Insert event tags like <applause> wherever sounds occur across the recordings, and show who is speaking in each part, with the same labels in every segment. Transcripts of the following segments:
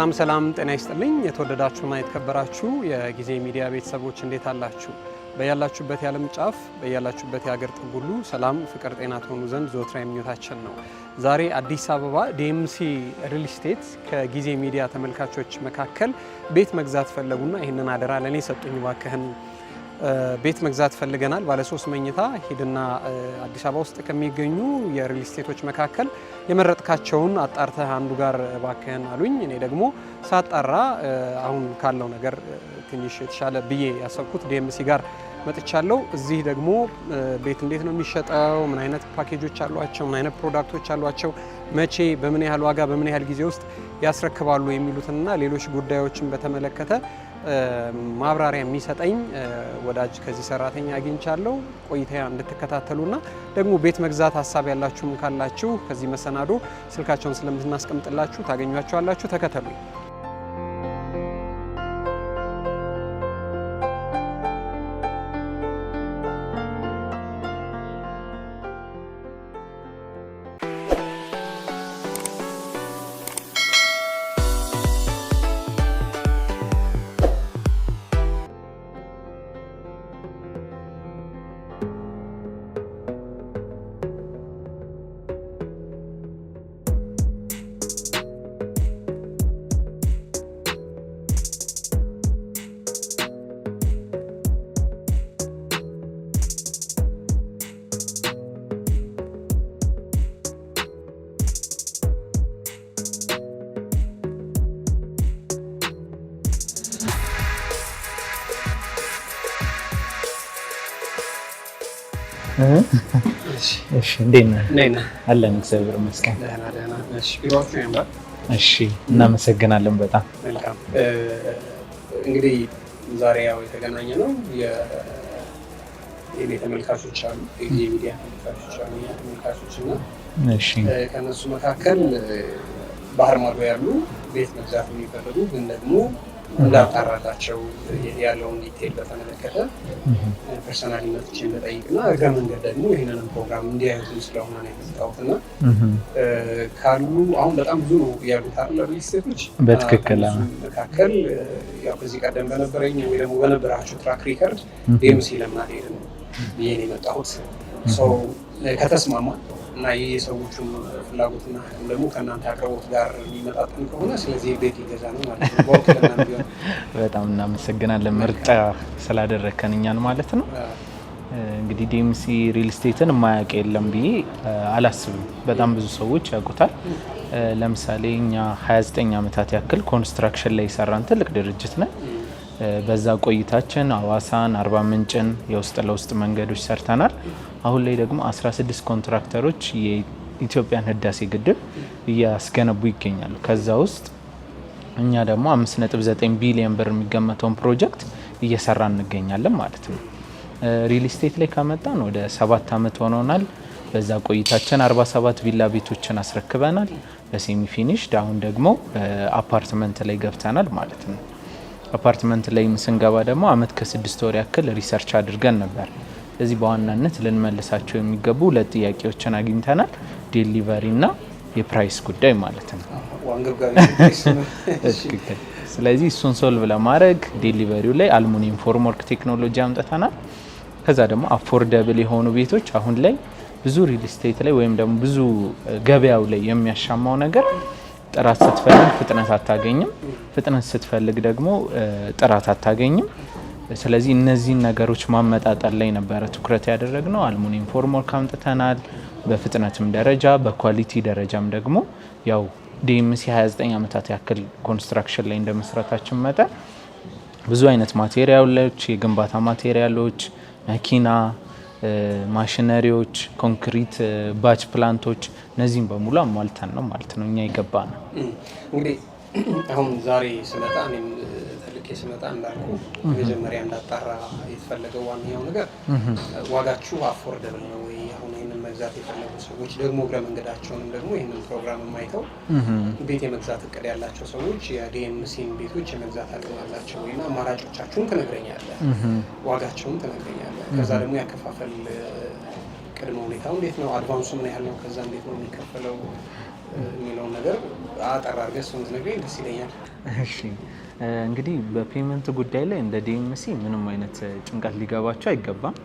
Speaker 1: ሰላም ሰላም፣ ጤና ይስጥልኝ የተወደዳችሁና የተከበራችሁ የጊዜ ሚዲያ ቤተሰቦች እንዴት አላችሁ? በያላችሁበት የዓለም ጫፍ በያላችሁበት የሀገር ጥግ ሁሉ ሰላም፣ ፍቅር፣ ጤና ትሆኑ ዘንድ ዘወትር ምኞታችን ነው። ዛሬ አዲስ አበባ ዲኤምሲ ሪል ስቴት ከጊዜ ሚዲያ ተመልካቾች መካከል ቤት መግዛት ፈለጉና ይህንን አደራ ለእኔ ሰጡኝ ባክህን ቤት መግዛት ፈልገናል። ባለ ሶስት መኝታ ሂድና አዲስ አበባ ውስጥ ከሚገኙ የሪል ስቴቶች መካከል የመረጥካቸውን አጣርተህ አንዱ ጋር ባክህን አሉኝ። እኔ ደግሞ ሳጣራ አሁን ካለው ነገር ትንሽ የተሻለ ብዬ ያሰብኩት ዲኤምሲ ጋር መጥቻለሁ። እዚህ ደግሞ ቤት እንዴት ነው የሚሸጠው? ምን አይነት ፓኬጆች አሏቸው? ምን አይነት ፕሮዳክቶች አሏቸው? መቼ፣ በምን ያህል ዋጋ፣ በምን ያህል ጊዜ ውስጥ ያስረክባሉ? የሚሉትንና ሌሎች ጉዳዮችን በተመለከተ ማብራሪያ የሚሰጠኝ ወዳጅ ከዚህ ሰራተኛ አግኝቻለሁ። ቆይታ እንድትከታተሉና ደግሞ ቤት መግዛት ሀሳብ ያላችሁም ካላችሁ ከዚህ መሰናዶ ስልካቸውን ስለምናስቀምጥላችሁ ታገኟቸዋላችሁ። ተከተሉኝ። <laughs> እንዴት ነህ? አለን እግዚአብሔር ይመስገን። እሺ፣ እናመሰግናለን በጣም እንግዲህ ዛሬ ያው የተገናኘ ነው የኔ ተመልካቾች አሉ፣ የሚዲያ ተመልካቾች አሉ፣ ተመልካቾች እና ከእነሱ መካከል ባህር ማዶ ያሉ ቤት መግዛት የሚፈልጉ ግን ደግሞ እንዳጣራላቸው ያለውን ዲቴል በተመለከተ ፐርሰናሊ መጥቼን በጠይቅና እግረ መንገድ ደግሞ ይህንንም ፕሮግራም እንዲያዩትም ስለሆነ ነው የመጣሁት እና ካሉ አሁን በጣም ብዙ ነው ያሉት አለ ሪል በትክክል መካከል ያው ከዚህ ቀደም በነበረኝ ወይ ደግሞ በነበራቸው ትራክ ሪከርድ ዴምሲ ለምን አልሄድም ብዬን የመጣሁት ሰው ከተስማማ እና ይህ የሰዎቹም ፍላጎትና አቅም ደግሞ ከእናንተ አቅርቦት ጋር የሚመጣጠን ከሆነ ስለዚህ ቤት ሊገዛ ነው ማለት ነው። በወክልና በጣም እናመሰግናለን። ምርጫ ስላደረከን እኛን ማለት ነው። እንግዲህ ዲኤምሲ ሪል ስቴትን የማያውቅ የለም ብዬ አላስብም። በጣም ብዙ ሰዎች ያውቁታል። ለምሳሌ እኛ 29 ዓመታት ያክል ኮንስትራክሽን ላይ የሰራን ትልቅ ድርጅት ነን። በዛ ቆይታችን አዋሳን፣ አርባ ምንጭን የውስጥ ለውስጥ መንገዶች ሰርተናል። አሁን ላይ ደግሞ 16 ኮንትራክተሮች የኢትዮጵያን ህዳሴ ግድብ እያስገነቡ ይገኛሉ። ከዛ ውስጥ እኛ ደግሞ 5.9 ቢሊዮን ብር የሚገመተውን ፕሮጀክት እየሰራ እንገኛለን ማለት ነው። ሪል ስቴት ላይ ከመጣን ወደ ሰባት ዓመት ሆኖናል። በዛ ቆይታችን 47 ቪላ ቤቶችን አስረክበናል በሴሚ ፊኒሽድ። አሁን ደግሞ አፓርትመንት ላይ ገብተናል ማለት ነው። አፓርትመንት ላይ ስንገባ ደግሞ አመት ከስድስት ወር ያክል ሪሰርች አድርገን ነበር። እዚህ በዋናነት ልንመልሳቸው የሚገቡ ሁለት ጥያቄዎችን አግኝተናል። ዴሊቨሪ እና የፕራይስ ጉዳይ ማለት ነው። <laughs> ስለዚህ እሱን ሶልቭ ለማድረግ ዴሊቨሪው ላይ አልሙኒየም ፎርምወርክ ቴክኖሎጂ አምጥተናል። ከዛ ደግሞ አፎርደብል የሆኑ ቤቶች አሁን ላይ ብዙ ሪል ስቴት ላይ ወይም ደግሞ ብዙ ገበያው ላይ የሚያሻማው ነገር ጥራት ስትፈልግ ፍጥነት አታገኝም፣ ፍጥነት ስትፈልግ ደግሞ ጥራት አታገኝም። ስለዚህ እነዚህን ነገሮች ማመጣጠል ላይ ነበረ ትኩረት ያደረግነው። አልሙኒየም ፎርምወርክ አምጥተናል። በፍጥነትም ደረጃ በኳሊቲ ደረጃም ደግሞ ያው ዲኤምሲ 29 ዓመታት ያክል ኮንስትራክሽን ላይ እንደ መስራታችን መጠን ብዙ አይነት ማቴሪያሎች፣ የግንባታ ማቴሪያሎች፣ መኪና ማሽነሪዎች፣ ኮንክሪት ባች ፕላንቶች እነዚህም በሙሉ አሟልተን ነው ማለት ነው እኛ የገባ ነው። እንግዲህ አሁን ዛሬ ስመጣ እኔም ተልኬ ስመጣ እንዳልኩ መጀመሪያ እንዳጣራ የተፈለገው ዋነኛው ነገር ዋጋችሁ አፎርደብል ነው ወይ? አሁን ይህንን መግዛት የፈለጉ ሰዎች ደግሞ እግረ መንገዳቸውንም ደግሞ ይህንን ፕሮግራም የማይተው ቤት የመግዛት እቅድ ያላቸው ሰዎች የዲኤምሲን ቤቶች የመግዛት አቅም አላቸው ወይና አማራጮቻችሁን ትነግረኛለህ፣ ዋጋቸውን ትነግረኛለህ ከዛ ደግሞ ያከፋፈል ቅድመ ሁኔታው እንዴት ነው፣ አድቫንሱ ምን ያህል ነው፣ ከዛ እንዴት ነው የሚከፈለው የሚለውን ነገር አጠር አድርገህ እሱን ትነግረኝ ደስ ይለኛል። እሺ እንግዲህ በፔመንት ጉዳይ ላይ እንደ ዲኤምሲ ምንም አይነት ጭንቀት ሊገባቸው አይገባም።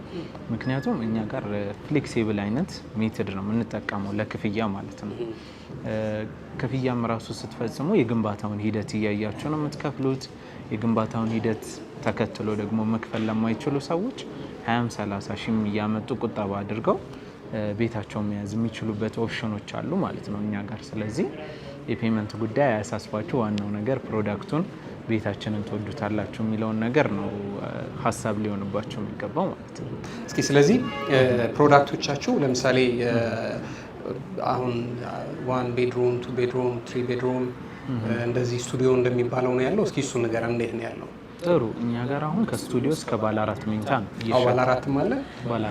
Speaker 1: ምክንያቱም እኛ ጋር ፍሌክሲብል አይነት ሜትድ ነው የምንጠቀመው ለክፍያ ማለት ነው። ክፍያም ራሱ ስትፈጽሙ የግንባታውን ሂደት እያያቸው ነው የምትከፍሉት። የግንባታውን ሂደት ተከትሎ ደግሞ መክፈል ለማይችሉ ሰዎች ሀያም ሰላሳ ሺህም እያመጡ ቁጠባ አድርገው ቤታቸው መያዝ የሚችሉበት ኦፕሽኖች አሉ ማለት ነው እኛ ጋር። ስለዚህ የፔመንት ጉዳይ አያሳስባችሁ። ዋናው ነገር ፕሮዳክቱን ቤታችንን ትወዱታላችሁ የሚለውን ነገር ነው ሀሳብ ሊሆንባቸው የሚገባው ማለት ነው። እስኪ ስለዚህ ፕሮዳክቶቻችሁ ለምሳሌ አሁን ዋን ቤድሮም፣ ቱ ቤድሮም፣ ትሪ ቤድሮም እንደዚህ ስቱዲዮ እንደሚባለው ነው ያለው። እስኪ እሱ ነገር እንዴት ነው ያለው? ጥሩ። እኛ ጋር አሁን ከስቱዲዮ እስከ ባለ አራት መኝታ ነው። ባለ አራት አለ።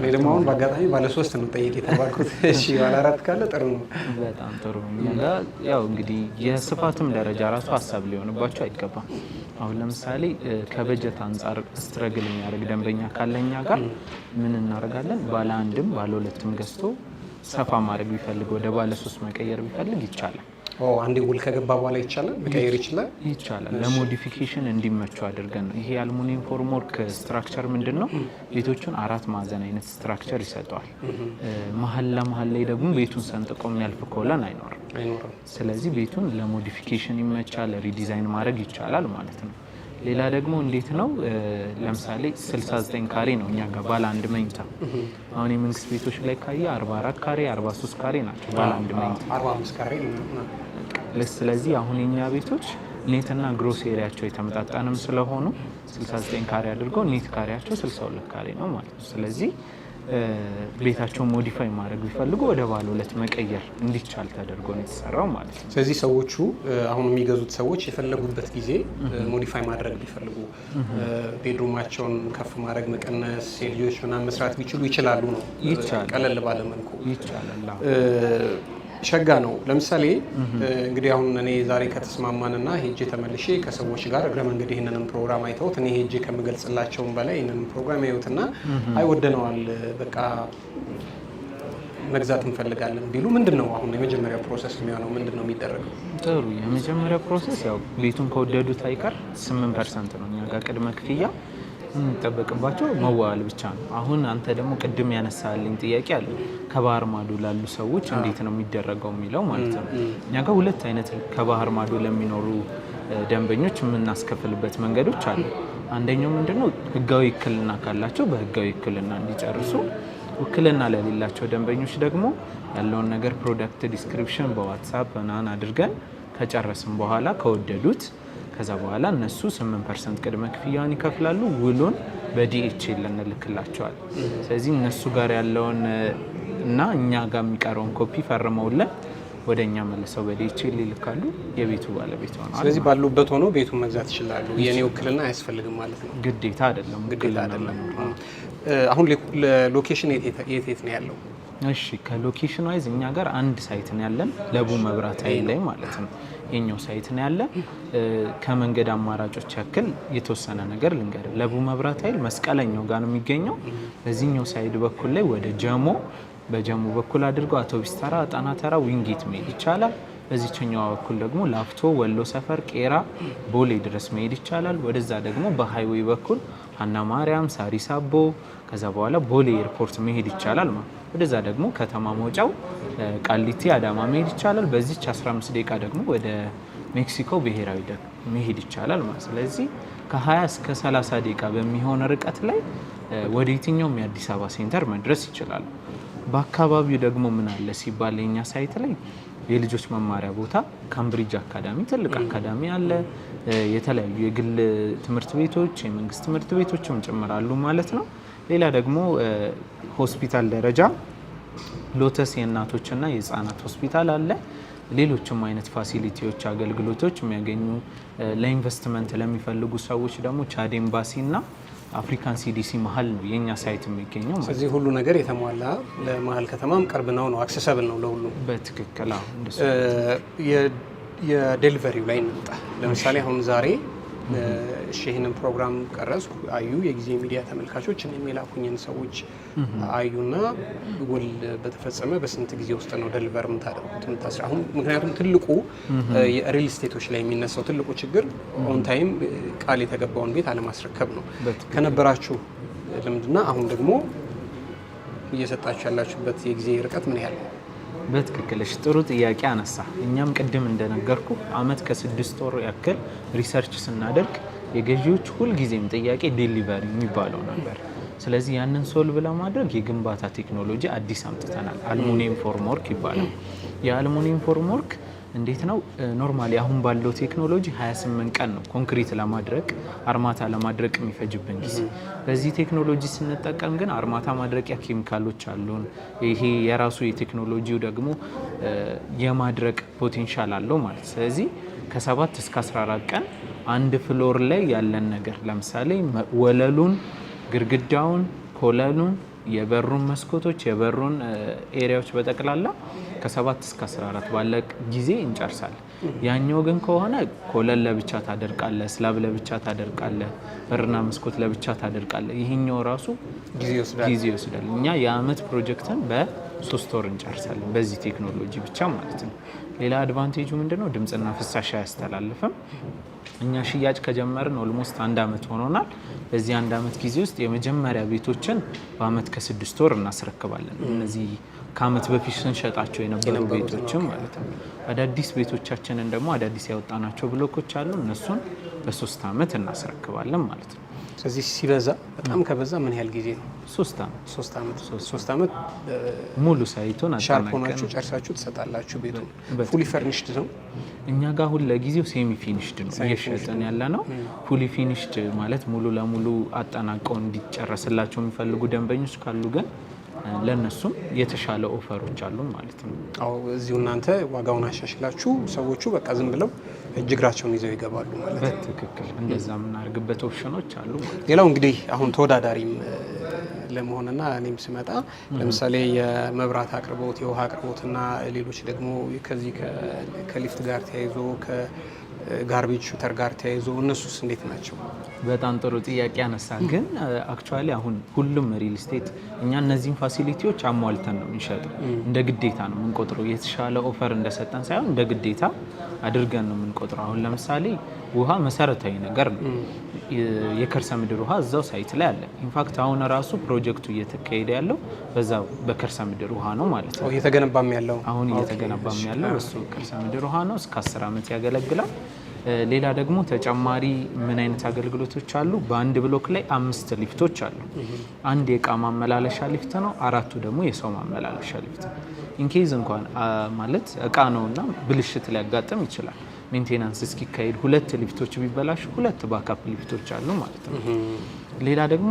Speaker 1: እኔ ደግሞ አሁን በአጋጣሚ ባለ ሶስት ነው ጠይቅ የተባልኩት። <laughs> እሺ፣ ባለ አራት ካለ ጥሩ ነው። በጣም ጥሩ። እኛ ጋር ያው እንግዲህ የስፋትም ደረጃ ራሱ ሀሳብ ሊሆንባቸው አይገባም። አሁን ለምሳሌ ከበጀት አንጻር ስትረግል የሚያደርግ ደንበኛ ካለ እኛ ጋር ምን እናደርጋለን? ባለ አንድም ባለ ሁለትም ገዝቶ ሰፋ ማድረግ ቢፈልግ ወደ ባለ ሶስት መቀየር ቢፈልግ ይቻላል። አንዴ ውል ከገባ በኋላ ይቻላል መቀየር ይችላል ይቻላል። ለሞዲፊኬሽን እንዲመቹ አድርገን ነው። ይሄ የአልሙኒየም ፎርም ስትራክቸር ምንድን ነው? ቤቶቹን አራት ማዕዘን አይነት ስትራክቸር ይሰጠዋል። መሀል ለመሀል ላይ ደግሞ ቤቱን ሰንጥቆ የሚያልፍ ኮለን አይኖርም። ስለዚህ ቤቱን ለሞዲፊኬሽን ይመቻል፣ ሪዲዛይን ማድረግ ይቻላል ማለት ነው። ሌላ ደግሞ እንዴት ነው ለምሳሌ 69 ካሬ ነው እኛ ጋር ባለ አንድ መኝታ። አሁን የመንግስት ቤቶች ላይ ካየ 44 ካሬ፣ 43 ካሬ ናቸው ባለ አንድ መኝታ ስለዚህ አሁን የኛ ቤቶች ኔትና ግሮስ ኤሪያቸው የተመጣጣንም ስለሆኑ 69 ካሬ አድርገው ኔት ካሬያቸው 62 ካሬ ነው ማለት ነው። ስለዚህ ቤታቸውን ሞዲፋይ ማድረግ ቢፈልጉ ወደ ባለ ሁለት መቀየር እንዲቻል ተደርጎ ነው የተሰራው ማለት ነው። ስለዚህ ሰዎቹ አሁን የሚገዙት ሰዎች የፈለጉበት ጊዜ ሞዲፋይ ማድረግ ቢፈልጉ ቤድሩማቸውን ከፍ ማድረግ፣ መቀነስ፣ የልጆች ምናምን መስራት ቢችሉ ይችላሉ ነው። ቀለል ባለ መልኩ ይቻላል። ሸጋ ነው። ለምሳሌ እንግዲህ አሁን እኔ ዛሬ ከተስማማንና ሄጄ ተመልሼ ከሰዎች ጋር እግረ መንገድ ይህንንም ፕሮግራም አይተውት እኔ ሄጄ ከምገልጽላቸውም በላይ ይህንንም ፕሮግራም ያዩትና አይወደነዋል በቃ መግዛት እንፈልጋለን ቢሉ ምንድን ነው አሁን የመጀመሪያ ፕሮሰስ የሚሆነው? ምንድን ነው የሚደረገው? ጥሩ የመጀመሪያ ፕሮሰስ ያው ቤቱን ከወደዱት አይቀር ስምንት ፐርሰንት ነው እኛ ጋር ቅድመ ክፍያ የሚጠበቅባቸው መዋል ብቻ ነው። አሁን አንተ ደግሞ ቅድም ያነሳልኝ ጥያቄ አለ፣ ከባህር ማዶ ላሉ ሰዎች እንዴት ነው የሚደረገው የሚለው ማለት ነው። እኛ ጋር ሁለት አይነት ከባህር ማዶ ለሚኖሩ ደንበኞች የምናስከፍልበት መንገዶች አሉ። አንደኛው ምንድነው ህጋዊ ውክልና ካላቸው በህጋዊ ውክልና እንዲጨርሱ ውክልና ለሌላቸው ደንበኞች ደግሞ ያለውን ነገር ፕሮዳክት ዲስክሪፕሽን በዋትሳፕ ምናምን አድርገን ከጨረስን በኋላ ከወደዱት ከዛ በኋላ እነሱ 8 ፐርሰንት ቅድመ ክፍያውን ይከፍላሉ። ውሉን በዲኤችኤል እንልክላቸዋል። ስለዚህ እነሱ ጋር ያለውን እና እኛ ጋር የሚቀረውን ኮፒ ፈርመውልን ወደ እኛ መልሰው በዲኤችኤል ይልካሉ። የቤቱ ባለቤት ሆነ። ስለዚህ ባሉበት ሆኖ ቤቱን መግዛት ይችላሉ። የኔ ውክልና አያስፈልግም ማለት ነው። ግዴታ አይደለም፣ ግዴታ አይደለም። አሁን ሎኬሽን የት የት ነው ያለው? እሺ ከሎኬሽን ዋይዝ እኛ ጋር አንድ ሳይት ነው ያለን፣ ለቡ መብራት ኃይል ላይ ማለት ነው። የኛው ሳይት ነው ያለ። ከመንገድ አማራጮች ያክል የተወሰነ ነገር ልንገር። ለቡ መብራት ኃይል መስቀለኛው ጋር ነው የሚገኘው። በዚህኛው ሳይድ በኩል ላይ ወደ ጀሞ፣ በጀሞ በኩል አድርገው አውቶቢስ ተራ፣ ጣና ተራ፣ ዊንጌት መሄድ ይቻላል። በዚችኛዋ በኩል ደግሞ ላፍቶ ወሎ ሰፈር ቄራ ቦሌ ድረስ መሄድ ይቻላል። ወደዛ ደግሞ በሀይዌይ በኩል አና ማርያም፣ ሳሪስ አቦ ከዛ በኋላ ቦሌ ኤርፖርት መሄድ ይቻላል ማለት ነው። ወደዛ ደግሞ ከተማ መውጫው ቃሊቲ አዳማ መሄድ ይቻላል። በዚች 15 ደቂቃ ደግሞ ወደ ሜክሲኮ ብሔራዊ መሄድ ይቻላል ማለት ስለዚህ ከ20 እስከ 30 ደቂቃ በሚሆን ርቀት ላይ ወደ የትኛውም የአዲስ አበባ ሴንተር መድረስ ይችላል። በአካባቢው ደግሞ ምን አለ ሲባል የኛ ሳይት ላይ የልጆች መማሪያ ቦታ ካምብሪጅ አካዳሚ ትልቅ አካዳሚ አለ። የተለያዩ የግል ትምህርት ቤቶች፣ የመንግስት ትምህርት ቤቶችም ጭምራሉ ማለት ነው። ሌላ ደግሞ ሆስፒታል ደረጃ ሎተስ የእናቶችና የህፃናት ሆስፒታል አለ። ሌሎችም አይነት ፋሲሊቲዎች፣ አገልግሎቶች የሚያገኙ ለኢንቨስትመንት ለሚፈልጉ ሰዎች ደግሞ ቻድ ኤምባሲ አፍሪካን ሲዲሲ መሀል ነው የእኛ ሳይት የሚገኘው። ስለዚህ ሁሉ ነገር የተሟላ ለመሀል ከተማም ቅርብ ነው ነው አክሰሰብል ነው ለሁሉ በትክክል። የዴሊቨሪው ላይ እንምጣ። ለምሳሌ አሁን ዛሬ እሺ ይህንን ፕሮግራም ቀረጽኩ አዩ የጊዜ ሚዲያ ተመልካቾች እኔ የሚላኩኝን ሰዎች አዩና ጎል በተፈጸመ በስንት ጊዜ ውስጥ ነው ደልቨር የምታደርጉት አሁን ምክንያቱም ትልቁ የሪል ስቴቶች ላይ የሚነሳው ትልቁ ችግር ኦንታይም ታይም ቃል የተገባውን ቤት አለማስረከብ ነው። ከነበራችሁ ልምድና አሁን ደግሞ እየሰጣችሁ ያላችሁበት የጊዜ ርቀት ምን ያህል ነው? በትክክልሽ ጥሩ ጥያቄ አነሳ። እኛም ቅድም እንደነገርኩ አመት ከስድስት ወር ያክል ሪሰርች ስናደርግ የገዢዎች ሁልጊዜም ጥያቄ ዴሊቨሪ የሚባለው ነበር። ስለዚህ ያንን ሶልቭ ለማድረግ የግንባታ ቴክኖሎጂ አዲስ አምጥተናል። አልሙኒየም ፎርምወርክ ይባላል። የአልሙኒየም ፎርምወርክ እንዴት ነው ኖርማሊ አሁን ባለው ቴክኖሎጂ 28 ቀን ነው ኮንክሪት ለማድረግ አርማታ ለማድረግ የሚፈጅብን ጊዜ። በዚህ ቴክኖሎጂ ስንጠቀም ግን አርማታ ማድረቂያ ኬሚካሎች አሉን። ይሄ የራሱ የቴክኖሎጂው ደግሞ የማድረቅ ፖቴንሻል አለው ማለት ስለዚህ ከ7 እስከ 14 ቀን አንድ ፍሎር ላይ ያለን ነገር ለምሳሌ ወለሉን፣ ግድግዳውን፣ ኮለሉን የበሩን መስኮቶች የበሩን ኤሪያዎች በጠቅላላ ከሰባት እስከ 14 ባለ ጊዜ እንጨርሳለን። ያኛው ግን ከሆነ ኮለን ለብቻ ታደርቃለ፣ ስላብ ለብቻ ታደርቃለ፣ በርና መስኮት ለብቻ ታደርቃለ። ይህኛው ራሱ ጊዜ ይወስዳል። እኛ የአመት ፕሮጀክትን በሶስት ወር እንጨርሳለን፣ በዚህ ቴክኖሎጂ ብቻ ማለት ነው። ሌላ አድቫንቴጁ ምንድነው? ድምፅና ፍሳሽ አያስተላልፍም። እኛ ሽያጭ ከጀመርን ኦልሞስት አንድ አመት ሆኖናል። በዚህ አንድ አመት ጊዜ ውስጥ የመጀመሪያ ቤቶችን በአመት ከስድስት ወር እናስረክባለን። እነዚህ ከአመት በፊት ስንሸጣቸው የነበሩ ቤቶችም ማለት ነው። አዳዲስ ቤቶቻችንን ደግሞ አዳዲስ ያወጣናቸው ብሎኮች አሉ። እነሱን በሶስት አመት እናስረክባለን ማለት ነው። ስለዚህ ሲበዛ በጣም ከበዛ ምን ያህል ጊዜ ነው? ሶስት ዓመት ሶስት ዓመት ሶስት ዓመት ሙሉ ሳይቶን ሻርፕ ሆናችሁ ጨርሳችሁ ትሰጣላችሁ። ቤቱ ፉሊ ፈርኒሽድ ነው። እኛ ጋር አሁን ለጊዜው ሴሚ ፊኒሽድ ነው እየሸጥን ያለ ነው። ፉሊ ፊኒሽድ ማለት ሙሉ ለሙሉ አጠናቀው እንዲጨረስላቸው የሚፈልጉ ደንበኞች ካሉ ግን ለእነሱም የተሻለ ኦፈሮች አሉ ማለት ነው። አዎ እዚሁ እናንተ ዋጋውን አሻሽላችሁ ሰዎቹ በቃ ዝም ብለው እጅ እግራቸውን ይዘው ይገባሉ ማለት ነው። እንደዛ የምናደርግበት ኦፕሽኖች አሉ። ሌላው እንግዲህ አሁን ተወዳዳሪም ለመሆንና እኔም ስመጣ ለምሳሌ የመብራት አቅርቦት፣ የውሃ አቅርቦትና ሌሎች ደግሞ ከዚህ ከሊፍት ጋር ተያይዞ ጋርቤጅ ሹተር ጋር ተያይዞ እነሱስ እንዴት ናቸው? በጣም ጥሩ ጥያቄ ያነሳ። ግን አክቹዋሊ አሁን ሁሉም ሪል ስቴት እኛ እነዚህን ፋሲሊቲዎች አሟልተን ነው የሚሸጠው። እንደ ግዴታ ነው የምንቆጥረው። የተሻለ ኦፈር እንደሰጠን ሳይሆን እንደ ግዴታ አድርገን ነው የምንቆጥረው። አሁን ለምሳሌ ውሃ መሰረታዊ ነገር ነው። የከርሰ ምድር ውሃ እዛው ሳይት ላይ አለ። ኢንፋክት አሁን ራሱ ፕሮጀክቱ እየተካሄደ ያለው በዛ በከርሰ ምድር ውሃ ነው ማለት ነው። እየተገነባም ያለው አሁን እየተገነባም ያለው እሱ ከርሰ ምድር ውሃ ነው። እስከ አስር ዓመት ያገለግላል። ሌላ ደግሞ ተጨማሪ ምን አይነት አገልግሎቶች አሉ? በአንድ ብሎክ ላይ አምስት ሊፍቶች አሉ። አንድ የእቃ ማመላለሻ ሊፍት ነው፣ አራቱ ደግሞ የሰው ማመላለሻ ሊፍት ነው። ኢንኬዝ እንኳን ማለት እቃ ነውና ብልሽት ሊያጋጥም ይችላል። ሜንቴናንስ እስኪካሄድ ሁለት ሊፍቶች ቢበላሹ ሁለት ባካፕ ሊፍቶች አሉ ማለት ነው። ሌላ ደግሞ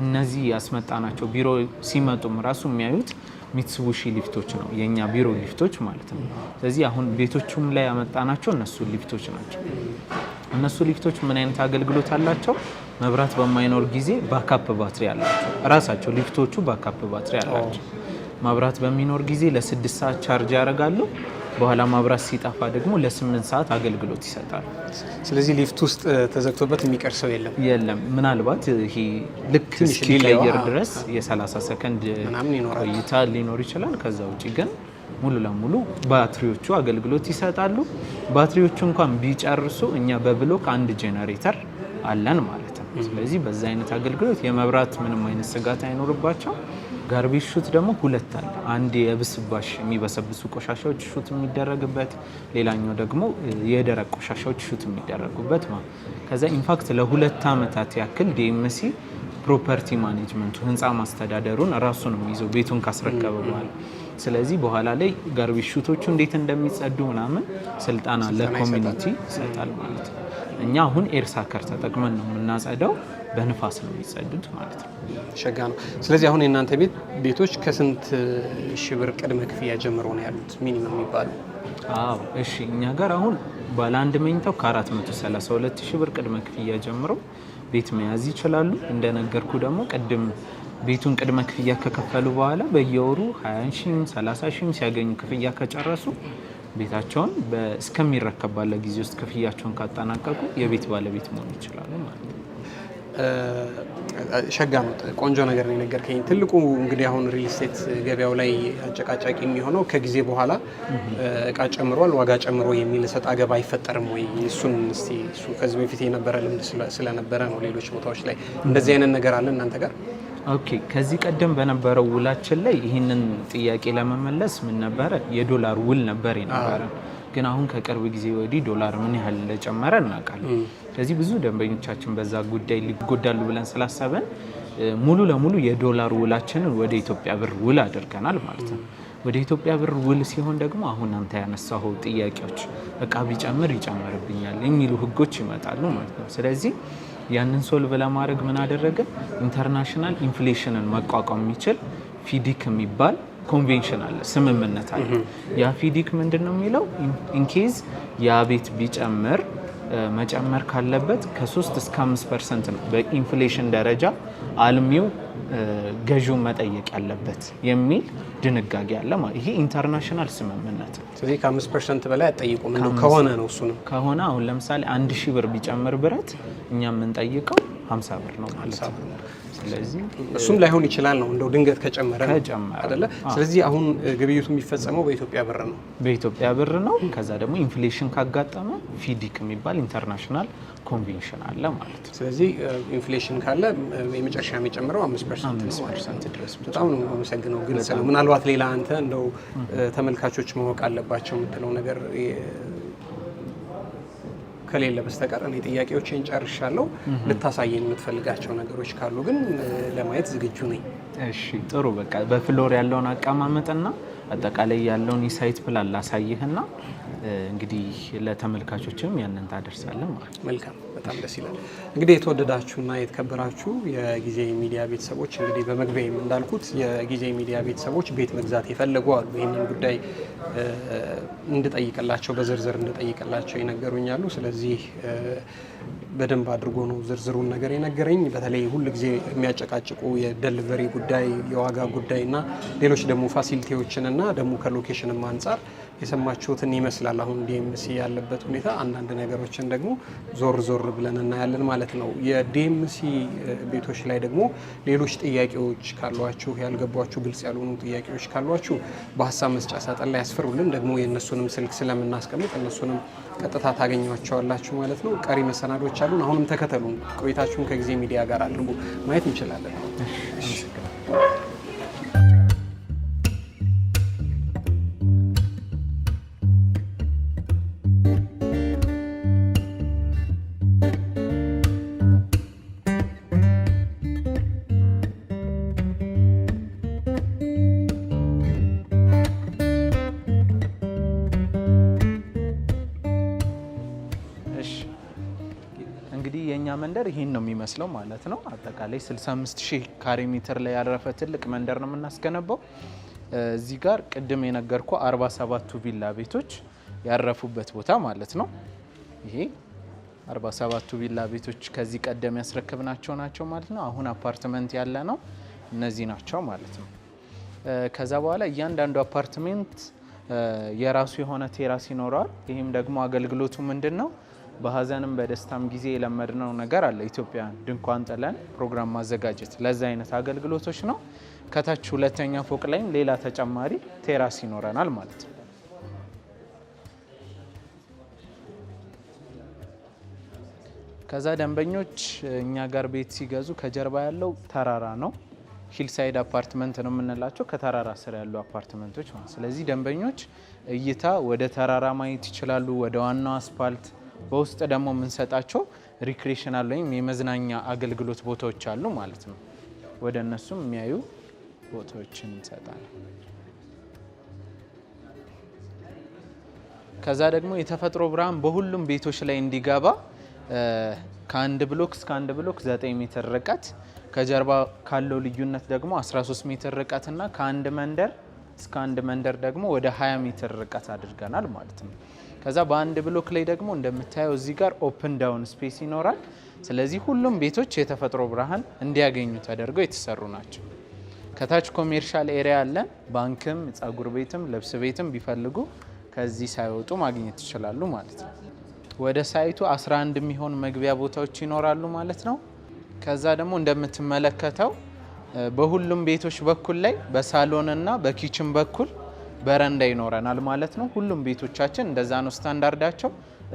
Speaker 1: እነዚህ ያስመጣናቸው ቢሮ ሲመጡም ራሱ የሚያዩት ሚትስቡሺ ሊፍቶች ነው፣ የእኛ ቢሮ ሊፍቶች ማለት ነው። ስለዚህ አሁን ቤቶቹም ላይ ያመጣናቸው እነሱ ሊፍቶች ናቸው። እነሱ ሊፍቶች ምን አይነት አገልግሎት አላቸው? መብራት በማይኖር ጊዜ ባካፕ ባትሪ አላቸው። ራሳቸው ሊፍቶቹ ባካፕ ባትሪ አላቸው። መብራት በሚኖር ጊዜ ለስድስት ሰዓት ቻርጅ ያደርጋሉ። በኋላ ማብራት ሲጠፋ ደግሞ ለስምንት ሰዓት አገልግሎት ይሰጣል። ስለዚህ ሊፍት ውስጥ ተዘግቶበት የሚቀር ሰው የለም የለም። ምናልባት ይሄ ልክ እስኪቀየር ድረስ የ30 ሰከንድ ቆይታ ሊኖር ይችላል። ከዛ ውጭ ግን ሙሉ ለሙሉ ባትሪዎቹ አገልግሎት ይሰጣሉ። ባትሪዎቹ እንኳን ቢጨርሱ እኛ በብሎክ አንድ ጄኔሬተር አለን ማለት ነው። ስለዚህ በዛ አይነት አገልግሎት የመብራት ምንም አይነት ስጋት አይኖርባቸው ጋርቤጅ ሹት ደግሞ ሁለት አለ። አንድ የብስባሽ የሚበሰብሱ ቆሻሻዎች ሹት የሚደረግበት፣ ሌላኛው ደግሞ የደረቅ ቆሻሻዎች ሹት የሚደረጉበት ማለት ከዛ ኢንፋክት ለሁለት ዓመታት ያክል ዲኤምሲ ፕሮፐርቲ ማኔጅመንቱ ህንፃ ማስተዳደሩን ራሱ ነው የሚይዘው ቤቱን ካስረከበ በኋላ። ስለዚህ በኋላ ላይ ጋርቢ ሹቶቹ እንዴት እንደሚጸዱ ምናምን ስልጠና ለኮሚኒቲ ይሰጣል ማለት ነው። እኛ አሁን ኤርሳከር ተጠቅመን ነው የምናጸደው። በንፋስ ነው የሚጸዱት ማለት ነው። ሸጋ ነው። ስለዚህ አሁን የእናንተ ቤት ቤቶች ከስንት ሺህ ብር ቅድመ ክፍያ ጀምሮ ነው ያሉት ሚኒመም የሚባሉ? አዎ እሺ። እኛ ጋር አሁን ባለ አንድ መኝታው ከ432 ሺህ ብር ቅድመ ክፍያ ጀምሮ ቤት መያዝ ይችላሉ። እንደነገርኩ ደግሞ ቅድም ቤቱን ቅድመ ክፍያ ከከፈሉ በኋላ በየወሩ 20 ሺህም 30 ሺህም ሲያገኙ ክፍያ ከጨረሱ ቤታቸውን እስከሚረከብ ባለ ጊዜ ውስጥ ክፍያቸውን ካጠናቀቁ የቤት ባለቤት መሆን ይችላሉ ማለት ነው። ሸጋ ነው ቆንጆ ነገር ነው የነገርከኝ። ትልቁ እንግዲህ አሁን ሪል ስቴት ገበያው ላይ አጨቃጫቂ የሚሆነው ከጊዜ በኋላ እቃ ጨምሯል፣ ዋጋ ጨምሮ የሚል ሰጥ አገባ አይፈጠርም ወይ? እሱን እስቲ እሱ ከዚህ በፊት የነበረ ልምድ ስለነበረ ነው ሌሎች ቦታዎች ላይ እንደዚህ አይነት ነገር አለ እናንተ ጋር? ኦኬ ከዚህ ቀደም በነበረው ውላችን ላይ ይህንን ጥያቄ ለመመለስ ምን ነበረ የዶላር ውል ነበር የነበረ። ግን አሁን ከቅርብ ጊዜ ወዲህ ዶላር ምን ያህል እንደጨመረ እናውቃለን። ስለዚህ ብዙ ደንበኞቻችን በዛ ጉዳይ ሊጎዳሉ ብለን ስላሰብን ሙሉ ለሙሉ የዶላር ውላችንን ወደ ኢትዮጵያ ብር ውል አድርገናል ማለት ነው። ወደ ኢትዮጵያ ብር ውል ሲሆን ደግሞ አሁን አንተ ያነሳው ጥያቄዎች እቃ ቢጨምር ይጨምርብኛል የሚሉ ህጎች ይመጣሉ ማለት ነው። ስለዚህ ያንን ሶልቭ ለማድረግ ምን አደረገ? ኢንተርናሽናል ኢንፍሌሽንን መቋቋም የሚችል ፊዲክ የሚባል ኮንቬንሽን አለ፣ ስምምነት አለ። ያ ፊዲክ ምንድን ነው የሚለው ኢንኬዝ የአቤት ቢጨምር መጨመር ካለበት ከ3 እስከ 5 ፐርሰንት ነው በኢንፍሌሽን ደረጃ አልሚው ገዢው መጠየቅ ያለበት የሚል ድንጋጌ አለ። ይሄ ኢንተርናሽናል ስምምነት ነው። ስለዚህ ከ5 ፐርሰንት በላይ አጠይቁ ከሆነ ነው እሱ ነው ከሆነ አሁን ለምሳሌ አንድ ሺህ ብር ቢጨምር ብረት እኛ የምንጠይቀው 50 ብር ነው ማለት ነው። ስለዚህ እሱም ላይሆን ይችላል ነው እንደው ድንገት ከጨመረ አይደለ። ስለዚህ አሁን ግብይቱ የሚፈጸመው በኢትዮጵያ ብር ነው በኢትዮጵያ ብር ነው። ከዛ ደግሞ ኢንፍሌሽን ካጋጠመ ፊዲክ የሚባል ኢንተርናሽናል ኮንቬንሽን አለ ማለት ነው። ስለዚህ ኢንፍሌሽን ካለ የመጨረሻ የሚጨምረው አምስት ፐርሰንት ድረስ። በጣም ነው የማመሰግነው፣ ግልጽ ነው። ምናልባት ሌላ አንተ እንደው ተመልካቾች ማወቅ አለባቸው የምትለው ነገር ከሌለ በስተቀር እኔ ጥያቄዎችን ጨርሻለሁ። ልታሳየን የምትፈልጋቸው ነገሮች ካሉ ግን ለማየት ዝግጁ ነኝ። እሺ፣ ጥሩ በቃ በፍሎር ያለውን አቀማመጥና አጠቃላይ ያለውን ኢሳይት ፕላን ላሳይህና እንግዲህ ለተመልካቾችም ያንን ታደርሳለን ማለት መልካም በጣም ደስ ይላል። እንግዲህ የተወደዳችሁና የተከበራችሁ የጊዜ ሚዲያ ቤተሰቦች እንግዲህ በመግቢያ እንዳልኩት የጊዜ ሚዲያ ቤተሰቦች ቤት መግዛት የፈለጉ አሉ። ይህንን ጉዳይ እንድጠይቅላቸው በዝርዝር እንድጠይቅላቸው ይነገሩኛሉ። ስለዚህ በደንብ አድርጎ ነው ዝርዝሩን ነገር የነገረኝ። በተለይ ሁል ጊዜ የሚያጨቃጭቁ የደልቨሪ ጉዳይ፣ የዋጋ ጉዳይ እና ሌሎች ደግሞ ፋሲሊቲዎችን እና ደግሞ ከሎኬሽንም አንጻር የሰማችሁትን ይመስላል። አሁን ዲኤምሲ ያለበት ሁኔታ አንዳንድ ነገሮችን ደግሞ ዞር ዞር ብለን እናያለን ማለት ነው። የዲኤምሲ ቤቶች ላይ ደግሞ ሌሎች ጥያቄዎች ካሏችሁ፣ ያልገቧችሁ ግልጽ ያልሆኑ ጥያቄዎች ካሏችሁ በሀሳብ መስጫ ሳጥን ላይ ያስፈሩልን። ደግሞ የእነሱንም ስልክ ስለምናስቀምጥ እነሱንም ቀጥታ ታገኟቸዋላችሁ ማለት ነው። ቀሪ መሰናዶች አሉን። አሁንም ተከተሉን። ቆይታችሁን ከጊዜ ሚዲያ ጋር አድርጉ። ማየት እንችላለን። መንደር ይህን ነው የሚመስለው ማለት ነው። አጠቃላይ 65 ሺህ ካሬ ሜትር ላይ ያረፈ ትልቅ መንደር ነው የምናስገነባው። እዚህ ጋር ቅድም የነገርኩ 47ቱ ቪላ ቤቶች ያረፉበት ቦታ ማለት ነው። ይሄ 47ቱ ቪላ ቤቶች ከዚህ ቀደም ያስረክብናቸው ናቸው ማለት ነው። አሁን አፓርትመንት ያለ ነው እነዚህ ናቸው ማለት ነው። ከዛ በኋላ እያንዳንዱ አፓርትሜንት የራሱ የሆነ ቴራስ ይኖረዋል። ይህም ደግሞ አገልግሎቱ ምንድን ነው? በሀዘንም በደስታም ጊዜ የለመድነው ነገር አለ። ኢትዮጵያ ድንኳን ጥለን ፕሮግራም ማዘጋጀት ለዚ አይነት አገልግሎቶች ነው። ከታች ሁለተኛ ፎቅ ላይም ሌላ ተጨማሪ ቴራስ ይኖረናል ማለት ነው። ከዛ ደንበኞች እኛ ጋር ቤት ሲገዙ ከጀርባ ያለው ተራራ ነው። ሂልሳይድ አፓርትመንት ነው የምንላቸው ከተራራ ስር ያሉ አፓርትመንቶች ማለት። ስለዚህ ደንበኞች እይታ ወደ ተራራ ማየት ይችላሉ፣ ወደ ዋናው አስፓልት በውስጥ ደግሞ የምንሰጣቸው ሪክሬሽናል ወይም የመዝናኛ አገልግሎት ቦታዎች አሉ ማለት ነው። ወደ እነሱም የሚያዩ ቦታዎችን እንሰጣለን። ከዛ ደግሞ የተፈጥሮ ብርሃን በሁሉም ቤቶች ላይ እንዲገባ ከአንድ ብሎክ እስከ አንድ ብሎክ 9 ሜትር ርቀት ከጀርባ ካለው ልዩነት ደግሞ 13 ሜትር ርቀትና ከአንድ መንደር እስከ አንድ መንደር ደግሞ ወደ 20 ሜትር ርቀት አድርገናል ማለት ነው። ከዛ በአንድ ብሎክ ላይ ደግሞ እንደምታየው እዚህ ጋር ኦፕን ዳውን ስፔስ ይኖራል። ስለዚህ ሁሉም ቤቶች የተፈጥሮ ብርሃን እንዲያገኙ ተደርገው የተሰሩ ናቸው። ከታች ኮሜርሻል ኤሪያ አለን። ባንክም፣ ጸጉር ቤትም፣ ልብስ ቤትም ቢፈልጉ ከዚህ ሳይወጡ ማግኘት ይችላሉ ማለት ነው። ወደ ሳይቱ 11 የሚሆን መግቢያ ቦታዎች ይኖራሉ ማለት ነው። ከዛ ደግሞ እንደምትመለከተው በሁሉም ቤቶች በኩል ላይ በሳሎንና በኪችን በኩል በረንዳ ይኖረናል ማለት ነው። ሁሉም ቤቶቻችን እንደዛ ነው ስታንዳርዳቸው።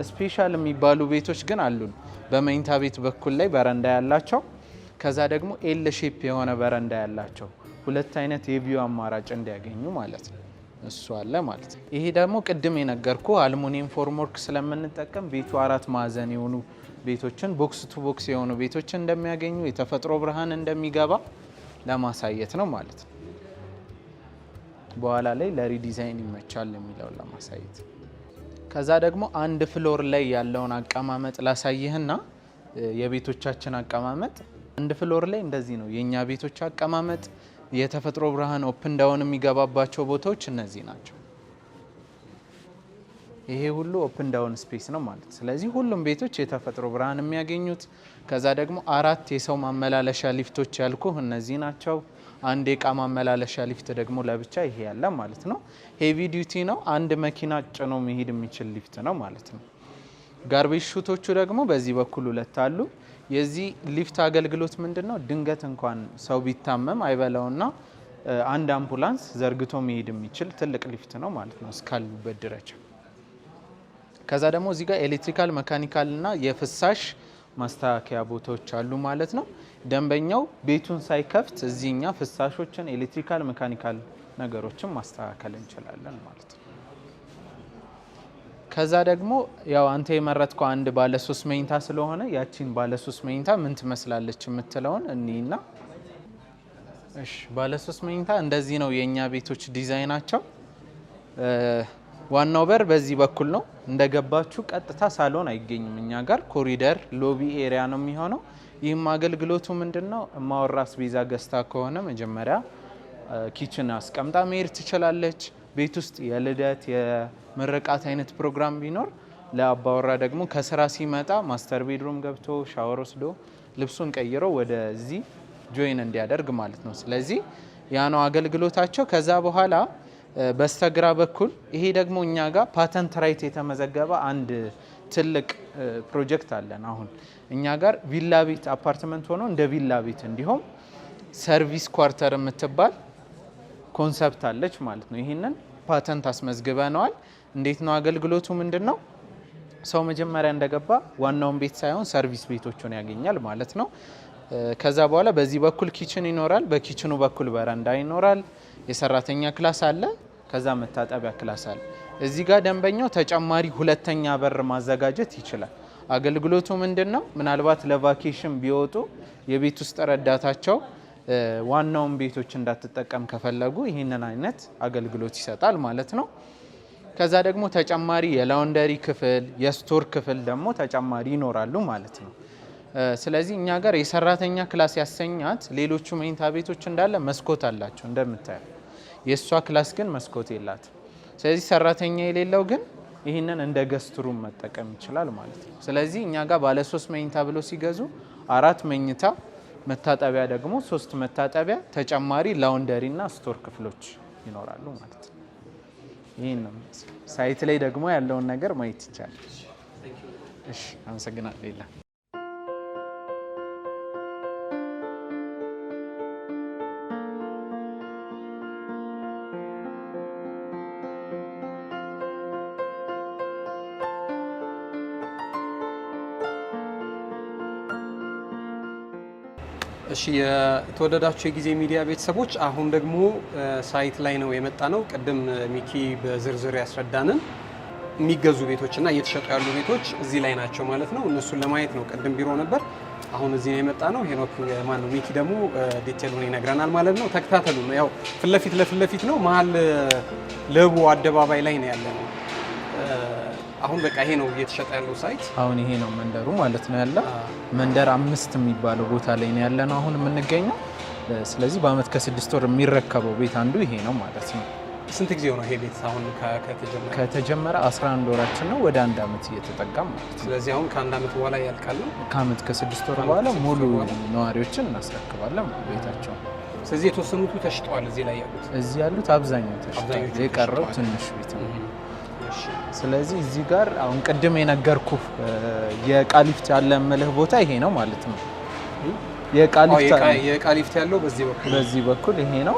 Speaker 1: ስፔሻል የሚባሉ ቤቶች ግን አሉን። በመኝታ ቤት በኩል ላይ በረንዳ ያላቸው፣ ከዛ ደግሞ ኤል ሼፕ የሆነ በረንዳ ያላቸው ሁለት አይነት የቪው አማራጭ እንዲያገኙ ማለት ነው። እሱ አለ ማለት ነው። ይሄ ደግሞ ቅድም የነገርኩ አልሙኒየም ፎርም ስለምንጠቀም ቤቱ አራት ማዕዘን የሆኑ ቤቶችን ቦክስ ቱ ቦክስ የሆኑ ቤቶችን እንደሚያገኙ የተፈጥሮ ብርሃን እንደሚገባ ለማሳየት ነው ማለት ነው። በኋላ ላይ ለሪዲዛይን ይመቻል የሚለውን ለማሳየት ከዛ ደግሞ አንድ ፍሎር ላይ ያለውን አቀማመጥ ላሳይህና የቤቶቻችን አቀማመጥ አንድ ፍሎር ላይ እንደዚህ ነው የእኛ ቤቶች አቀማመጥ። የተፈጥሮ ብርሃን ኦፕ እንዳውን የሚገባባቸው ቦታዎች እነዚህ ናቸው። ይሄ ሁሉ ኦፕ እንዳውን ስፔስ ነው ማለት። ስለዚህ ሁሉም ቤቶች የተፈጥሮ ብርሃን የሚያገኙት ከዛ ደግሞ አራት የሰው ማመላለሻ ሊፍቶች ያልኩህ እነዚህ ናቸው። አንድ የእቃ ማመላለሻ ሊፍት ደግሞ ለብቻ ይሄ ያለ ማለት ነው። ሄቪ ዲዩቲ ነው። አንድ መኪና ጭኖ መሄድ የሚችል ሊፍት ነው ማለት ነው። ጋርቤጅ ሹቶቹ ደግሞ በዚህ በኩል ሁለት አሉ። የዚህ ሊፍት አገልግሎት ምንድን ነው? ድንገት እንኳን ሰው ቢታመም አይበላውና አንድ አምቡላንስ ዘርግቶ መሄድ የሚችል ትልቅ ሊፍት ነው ማለት ነው እስካሉበት ደረጃ። ከዛ ደግሞ እዚህ ጋር ኤሌክትሪካል፣ መካኒካል እና የፍሳሽ ማስተካከያ ቦታዎች አሉ ማለት ነው። ደንበኛው ቤቱን ሳይከፍት እዚህኛ ፍሳሾችን፣ ኤሌክትሪካል፣ መካኒካል ነገሮችን ማስተካከል እንችላለን ማለት ነው። ከዛ ደግሞ ያው አንተ የመረጥከው አንድ ባለ ሶስት መኝታ ስለሆነ ያቺን ባለ ሶስት መኝታ ምን ትመስላለች የምትለውን እኒና እሺ፣ ባለ ሶስት መኝታ እንደዚህ ነው የእኛ ቤቶች ዲዛይናቸው። ዋናው በር በዚህ በኩል ነው። እንደገባችሁ ቀጥታ ሳሎን አይገኝም እኛ ጋር ኮሪደር ሎቢ ኤሪያ ነው የሚሆነው። ይህም አገልግሎቱ ምንድን ነው? እማወራስ ቤዛ ገዝታ ከሆነ መጀመሪያ ኪችን አስቀምጣ መሄድ ትችላለች። ቤት ውስጥ የልደት የምርቃት አይነት ፕሮግራም ቢኖር ለአባወራ ደግሞ ከስራ ሲመጣ ማስተር ቤድሩም ገብቶ ሻወር ወስዶ ልብሱን ቀይሮ ወደዚህ ጆይን እንዲያደርግ ማለት ነው። ስለዚህ ያ ነው አገልግሎታቸው። ከዛ በኋላ በስተግራ በኩል ይሄ ደግሞ እኛ ጋር ፓተንት ራይት የተመዘገበ አንድ ትልቅ ፕሮጀክት አለን። አሁን እኛ ጋር ቪላ ቤት አፓርትመንት ሆኖ እንደ ቪላ ቤት እንዲሁም ሰርቪስ ኳርተር የምትባል ኮንሰፕት አለች ማለት ነው። ይህንን ፓተንት አስመዝግበነዋል። እንዴት ነው አገልግሎቱ ምንድን ነው? ሰው መጀመሪያ እንደገባ ዋናውን ቤት ሳይሆን ሰርቪስ ቤቶችን ያገኛል ማለት ነው። ከዛ በኋላ በዚህ በኩል ኪችን ይኖራል፣ በኪችኑ በኩል በረንዳ ይኖራል። የሰራተኛ ክላስ አለ፣ ከዛ መታጠቢያ ክላስ አለ። እዚህ ጋር ደንበኛው ተጨማሪ ሁለተኛ በር ማዘጋጀት ይችላል። አገልግሎቱ ምንድን ነው? ምናልባት ለቫኬሽን ቢወጡ የቤት ውስጥ ረዳታቸው ዋናውን ቤቶች እንዳትጠቀም ከፈለጉ ይህንን አይነት አገልግሎት ይሰጣል ማለት ነው። ከዛ ደግሞ ተጨማሪ የላውንደሪ ክፍል፣ የስቶር ክፍል ደግሞ ተጨማሪ ይኖራሉ ማለት ነው። ስለዚህ እኛ ጋር የሰራተኛ ክላስ ያሰኛት ሌሎቹ መኝታ ቤቶች እንዳለ መስኮት አላቸው እንደምታየው የእሷ ክላስ ግን መስኮት የላት ስለዚህ ሰራተኛ የሌለው ግን ይህንን እንደ ገስትሩም መጠቀም ይችላል ማለት ነው። ስለዚህ እኛ ጋር ባለ ሶስት መኝታ ብሎ ሲገዙ አራት መኝታ መታጠቢያ ደግሞ ሶስት መታጠቢያ ተጨማሪ ላውንደሪ እና ስቶር ክፍሎች ይኖራሉ ማለት ነው። ይህን ነው ሳይት ላይ ደግሞ ያለውን ነገር ማየት ይቻላል። እሺ አመሰግናለሁ። የተወደዳቸው የጊዜ ሚዲያ ቤተሰቦች አሁን ደግሞ ሳይት ላይ ነው የመጣ ነው። ቅድም ሚኪ በዝርዝር ያስረዳንን የሚገዙ ቤቶችና እየተሸጡ ያሉ ቤቶች እዚህ ላይ ናቸው ማለት ነው። እነሱን ለማየት ነው። ቅድም ቢሮ ነበር፣ አሁን እዚህ ነው የመጣ ነው። ሄኖክ ማን ነው ሚኪ ደግሞ ዴቴሉን ይነግረናል ማለት ነው። ተከታተሉ። ያው ፊት ለፊት ለፊት ለፊት ነው መሀል ለቡ አደባባይ ላይ ነው ያለ ነው። አሁን በቃ ይሄ ነው እየተሸጠ ያለው ሳይት። አሁን ይሄ ነው መንደሩ ማለት ነው ያለ መንደር አምስት የሚባለው ቦታ ላይ ነው ያለ ነው አሁን የምንገኘው። ስለዚህ በአመት ከስድስት ወር የሚረከበው ቤት አንዱ ይሄ ነው ማለት ነው። ስንት ጊዜ ነው ይሄ ቤት አሁን ከተጀመረ? ከተጀመረ 11 ወራችን ነው፣ ወደ አንድ አመት እየተጠጋ ማለት ነው። ስለዚህ አሁን ከአንድ አመት በኋላ ያልቃል። ከአመት ከስድስት ወር በኋላ ሙሉ ነዋሪዎችን እናስረክባለን ቤታቸው። ስለዚህ የተወሰኑቱ ተሽጠዋል። እዚህ ላይ ያሉት እዚህ ያሉት አብዛኛው ተሽጠዋል። የቀረው ትንሽ ቤት ነው። ስለዚህ እዚህ ጋር አሁን ቅድም የነገርኩ የቃሊፍት ያለ መልህ ቦታ ይሄ ነው ማለት ነው። የቃሊፍት ያለው በዚህ በኩል በዚህ በኩል ይሄ ነው።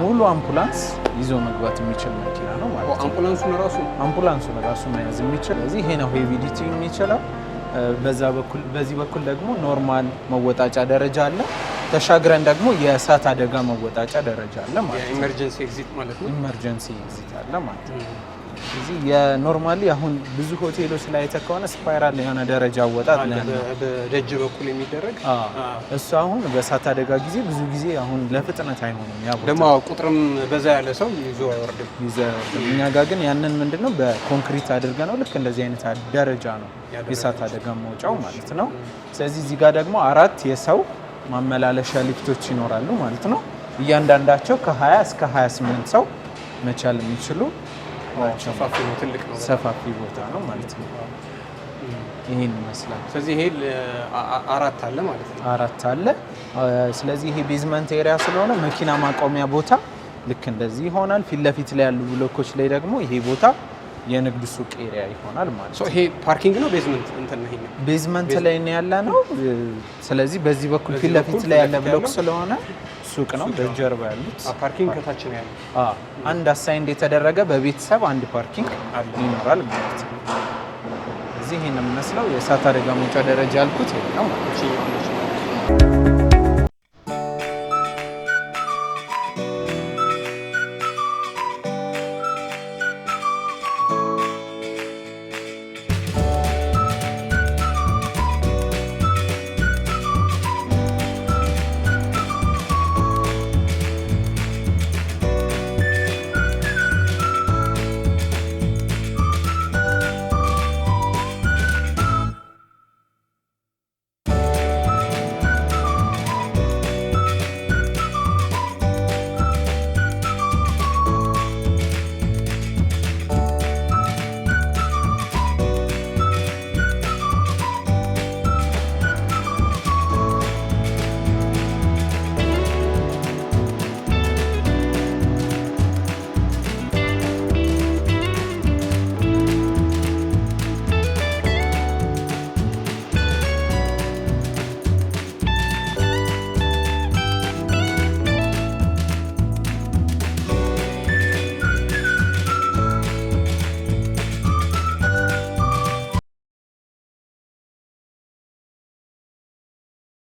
Speaker 1: ሙሉ አምቡላንስ ይዞ መግባት የሚችል መኪና ነው ማለት ነው። አምቡላንሱን ራሱ መያዝ የሚችል ስለዚህ ይሄ ነው ሄቪ ዲቲ የሚችለው። በዚህ በኩል ደግሞ ኖርማል መወጣጫ ደረጃ አለ። ተሻግረን ደግሞ የእሳት አደጋ መወጣጫ ደረጃ አለ ማለት ነው። ኢመርጀንሲ ኤግዚት ማለት ነው። ኢመርጀንሲ ኤግዚት አለ ማለት ነው። እዚህ የኖርማሊ አሁን ብዙ ሆቴሎች ላይ አይተህ ከሆነ ስፓይራል የሆነ ደረጃ አወጣት በደጅ በኩል የሚደረግ እሱ አሁን በእሳት አደጋ ጊዜ ብዙ ጊዜ አሁን ለፍጥነት አይሆንም። ያ ደግሞ ቁጥርም በዛ ያለ ሰው ይዞ አይወርድም። እኛ ጋር ግን ያንን ምንድነው በኮንክሪት አድርገ ነው ልክ እንደዚህ አይነት ደረጃ ነው የእሳት አደጋ መውጫው ማለት ነው። ስለዚህ እዚህ ጋር ደግሞ አራት የሰው ማመላለሻ ሊፍቶች ይኖራሉ ማለት ነው። እያንዳንዳቸው ከ20 እስከ 28 ሰው መቻል የሚችሉ ናቸው። ሰፋፊ ቦታ ነው ማለት ነው። ይህን ይመስላል። ስለዚህ ይሄ አራት አለ ማለት ነው። አራት አለ። ስለዚህ ይሄ ቤዝመንት ኤሪያ ስለሆነ መኪና ማቆሚያ ቦታ ልክ እንደዚህ ይሆናል። ፊት ለፊት ላይ ያሉ ብሎኮች ላይ ደግሞ ይሄ ቦታ የንግድ ሱቅ ኤሪያ ይሆናል ማለት ነው። ይሄ ፓርኪንግ ነው። ቤዝመንት እንትን ነው። ቤዝመንት ላይ ነው ያለ ነው። ስለዚህ በዚህ በኩል ፊት ለፊት ላይ ያለ ብሎክ ስለሆነ ሱቅ ነው በጀርባ ያሉት ፓርኪንግ ከታች ነው ያሉት። አንድ አሳይንድ የተደረገ በቤተሰብ አንድ ፓርኪንግ አለ ይኖራል ማለት ነው። እዚህ ይህን የምመስለው የእሳት አደጋ መውጫ ደረጃ ያልኩት ነው ማለት ነው።